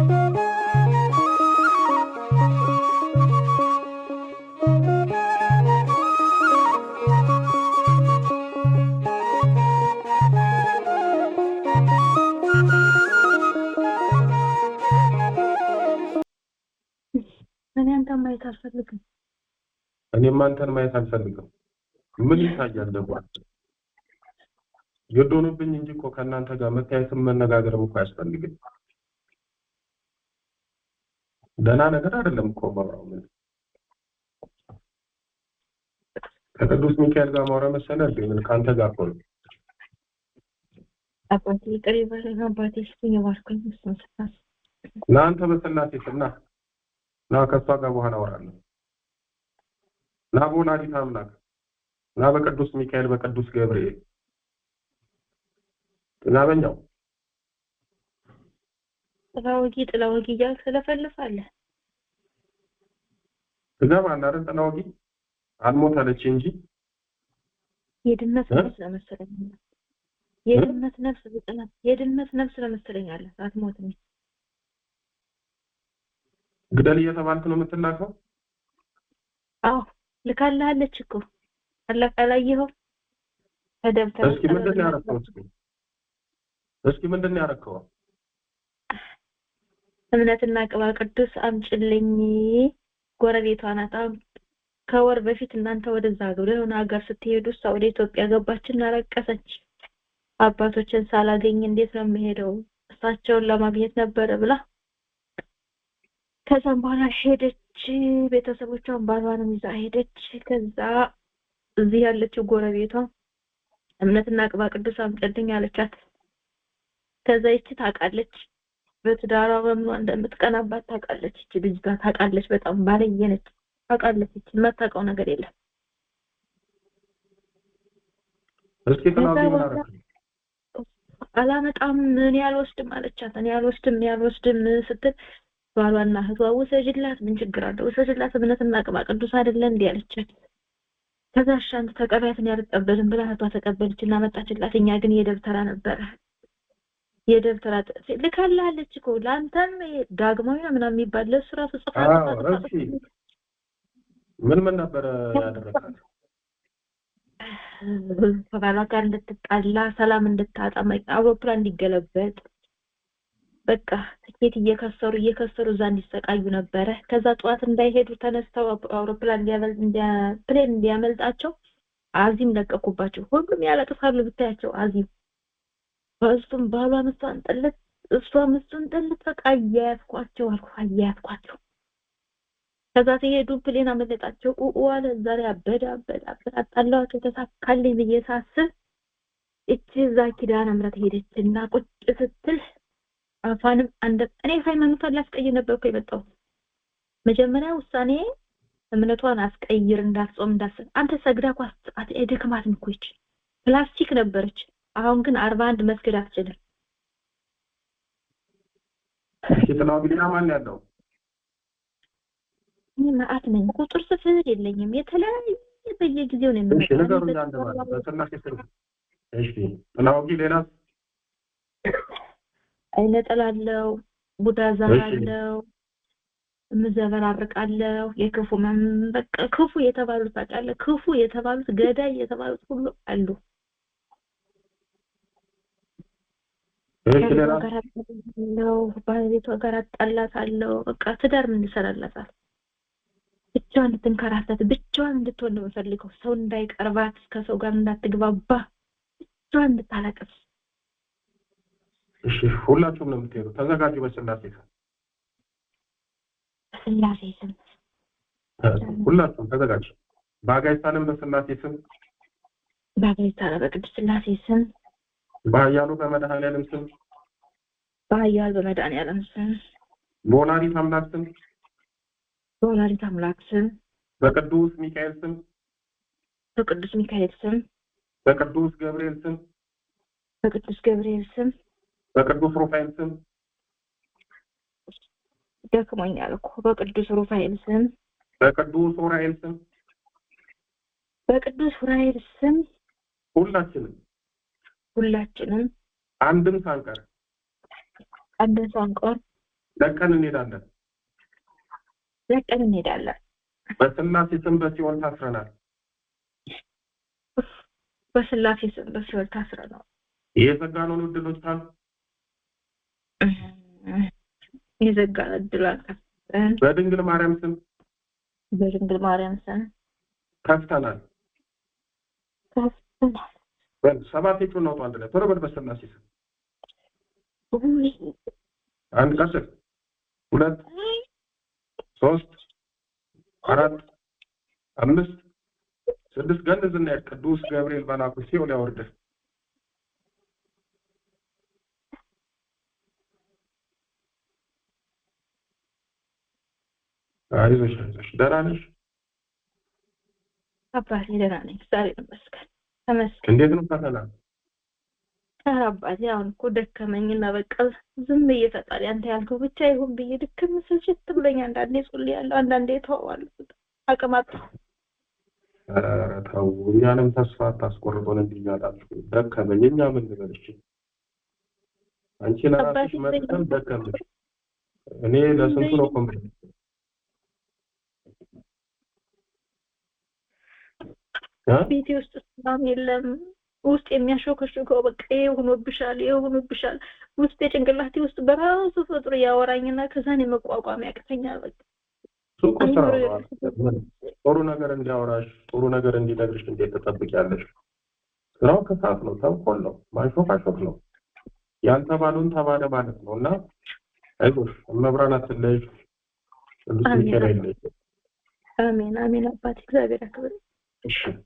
እኔ ማየት አልፈልግም። እኔም አንተን ማየት አልፈልግም። ምን ይታያል ደግሞ የዶኑብኝ እንጂ እኮ ከእናንተ ጋር መታየትም መነጋገርም እኮ አያስፈልግም። ደህና ነገር አይደለም እኮ ማውራው ምን ከቅዱስ ሚካኤል ጋር ማውራ መሰለ እንዴ ምን ከአንተ ጋር እኮ ነው አባቴ ይቅር ይበለኝ አባቴ ስኝ ባርኩኝ እሱን ስታስ ና አንተ በስላሴ ስም ና ና ከእሷ ጋር በኋላ አወራለሁ ና በወላዲተ አምላክ ና በቅዱስ ሚካኤል በቅዱስ ገብርኤል ናበኛው ጥላ ወጊ ጥላ ወጊ እያልክ ትለፈልፋለህ። ትገባለህ አይደል? ጥላ ወጊ አልሞታለች እንጂ የድመት ነፍስ ለመሰለኝ የድመት ነፍስ ብጥናት የድመት ነፍስ ለመሰለኝ አለ አትሞትም። ግደል እየተባልክ ነው የምትላከው? አዎ ልካልሃለች እኮ አላህ አላየኸው? ተደብተህ እስኪ ምንድን ያረከው እስኪ ምንድን ነው እምነትና ቅባ ቅዱስ አምጭልኝ። ጎረቤቷ ናት። ከወር በፊት እናንተ ወደዛ ገብረ የሆነ ሀገር ስትሄዱ እሷ ወደ ኢትዮጵያ ገባችና ረቀሰች። አባቶችን ሳላገኝ እንዴት ነው የምሄደው? እሳቸውን ለማግኘት ነበረ ብላ ከዛም በኋላ ሄደች። ቤተሰቦቿን ባሏንም ይዛ ሄደች። ከዛ እዚህ ያለችው ጎረቤቷ እምነትና ቅባ ቅዱስ አምጭልኝ አለቻት። ከዛ ይቺ ታውቃለች በትዳሯ በምኗ እንደምትቀናባት ታውቃለች። እቺ ጋር ታውቃለች። በጣም ባለየነች ታውቃለች። እቺ የማታውቀው ነገር የለም። አላመጣም እኔ አልወስድም አለቻት። እኔ አልወስድም እኔ አልወስድም ስትል ባሏና እህቷ ውሰጅላት፣ ምን ችግር አለ ውሰጅላት፣ እምነትና ቅባ ቅዱስ አይደለ እንዴ አለቻት። ከዛ ሻንት ተቀበያትን ያልቀበልም ብላ እህቷ ተቀበለችና መጣችላት። እኛ ግን የደብተራ ነበረ የደብተራ ልካላለች እኮ ለአንተም ዳግማዊ ነው ምናምን የሚባል ለሱ ራሱ ጽፋ ምን ምን ነበረ ያደረጋት? ከባሏ ጋር እንድትጣላ፣ ሰላም እንድታጣ፣ አውሮፕላን እንዲገለበጥ በቃ ትኬት እየከሰሩ እየከሰሩ እዛ እንዲሰቃዩ ነበረ። ከዛ ጠዋት እንዳይሄዱ ተነስተው አውሮፕላን ፕሌን እንዲያመልጣቸው አዚም ለቀኩባቸው። ሁሉም ያለቅሳሉ ብታያቸው አዚም እሱም ባሏ እሷን ጠለት እሷ እሱን ጠለት በቃ አያያዝኳቸው አልኩ አያያዝኳቸው። ከዛ ሲሄዱ ፕሌን አመለጣቸው። ቁቁ አለ። ዛሬ አበደ አበደ አበደ አጣላኋቸው። ተሳካልኝ ብዬ ሳስብ እቺ እዛ ኪዳነ ምሕረት ሄደች እና ቁጭ ስትል አፋንም አንደ እኔ ሃይማኖቷን ላስቀይር ነበርኩ የመጣሁት መጀመሪያ ውሳኔ እምነቷን አስቀይር እንዳትጾም እንዳትሰ አንተ ሰግዳ ኳስ አት ደክማት ንኩች ፕላስቲክ ነበረች አሁን ግን አርባ አንድ መስገድ አትችልም። የጥላው ቢና ማን ያለው? እኔ መዓት ነኝ። ቁጥር ስፍር የለኝም። የተለያየ በየጊዜው ነው የሚመጣው። ነገሩ እንዳንተ ማለት በስላሴ ስር እሺ። ሌላ አይነ ጥላለው፣ ቡዳ ዛራለው፣ የክፉ በቃ ክፉ የተባሉት ታውቃለህ፣ ክፉ የተባሉት ገዳይ የተባሉት ሁሉ አሉ። ነው ባለቤቷ ጋር አጣላታለሁ። በቃ ትዳር ምን ይሰራላታል? ብቻዋን እንድትንከራተት ብቻዋን እንድትሆን ነው የምፈልገው። ሰው እንዳይቀርባት፣ ከሰው ጋር እንዳትግባባ፣ ብቻዋን እንድታለቅስ። እሺ፣ ሁላችሁም ነው የምትሄዱ። ተዘጋጁ። በስላሴ ስም በስላሴ ስም ሁላችሁም ተዘጋጁ። በአጋይታንም በስላሴ ስም በአጋይታ በቅዱስ ስላሴ ስም Bahayalu በመድኃኔ ዓለም ስም ባህያል በመድኃኔ ዓለም ስም በወላዲት አምላክ ስም በወላዲት አምላክ ስም በቅዱስ ሚካኤል ስም በቅዱስ ሚካኤል ስም በቅዱስ ገብርኤል ስም በቅዱስ ገብርኤል ስም በቅዱስ ሩፋኤል ስም ደክሞኛል እኮ በቅዱስ ሩፋኤል ስም በቅዱስ ኡራኤል ስም በቅዱስ ኡራኤል ስም ሁላችንም ሁላችንም አንድም ሳንቀር አንድም ሳንቀር ለቀን እንሄዳለን ለቀን እንሄዳለን። በስላሴ ስም በሲኦል ታስረናል። በስላሴ ስም በሲኦል ታስረናል። የዘጋነውን እድሎች ታል የዘጋነው እድል አልከፍተን በድንግል ማርያም ስም በድንግል ማርያም ስም ከፍተናል ከፍተናል ሰባት የጩን አውጡ አንድ ላይ ቶሎ በል በስላሴ ስም አንድ ቀስል ሁለት ሶስት አራት አምስት ስድስት ገንዝ እና ቅዱስ ገብርኤል መልአኩ ሲኦል ያወርድህ። አይዞሽ አይዞሽ፣ ደህና ነሽ አባቴ? ደህና ነኝ፣ እግዚአብሔር ይመስገን። እንዴት ነው ፈተና? አባቴ አሁን እኮ ደከመኝና በቃ ዝም ብዬ ፈጣሪ አንተ ያልከው ብቻ ይሁን ብዬ ድክም ስልሽት ብሎኝ፣ አንዳንዴ ያለው አንዳንዴ ተዋዋለሁ። አቅም አጣሁ። ተው እኛንም ተስፋ አታስቆርጦን። እንዲያላችሁ ደከመኝ። እኛ ምን ልበልሽ? አንቺ ለራስሽ መጥተን ደከመኝ። እኔ ለስንቱ ነው ኮምፕሊት ቤቴ ውስጥ ሰላም የለም። ውስጥ የሚያሾከሹከው በቃ ይሄ ሆኖብሻል፣ ይሄ ሆኖብሻል። ውስጥ የጭንቅላቴ ውስጥ በራሱ ፈጥሮ ያወራኝና ከዛን የመቋቋም ያቅተኛል። በቃ ጥሩ ነገር እንዲያወራሽ ጥሩ ነገር እንዲነግርሽ እንዴት ትጠብቂያለሽ? ስራው ከሳት ነው፣ ተንኮል ነው፣ ማሾካሾክ ነው። ያልተባለውን ተባለ ማለት ነው። እና አይዞሽ፣ መብራን አትለይሽ፣ ቅዱስ ሚካኤል አይለይሽ። አሜን አሜን። አባት እግዚአብሔር ያክብር። እሺ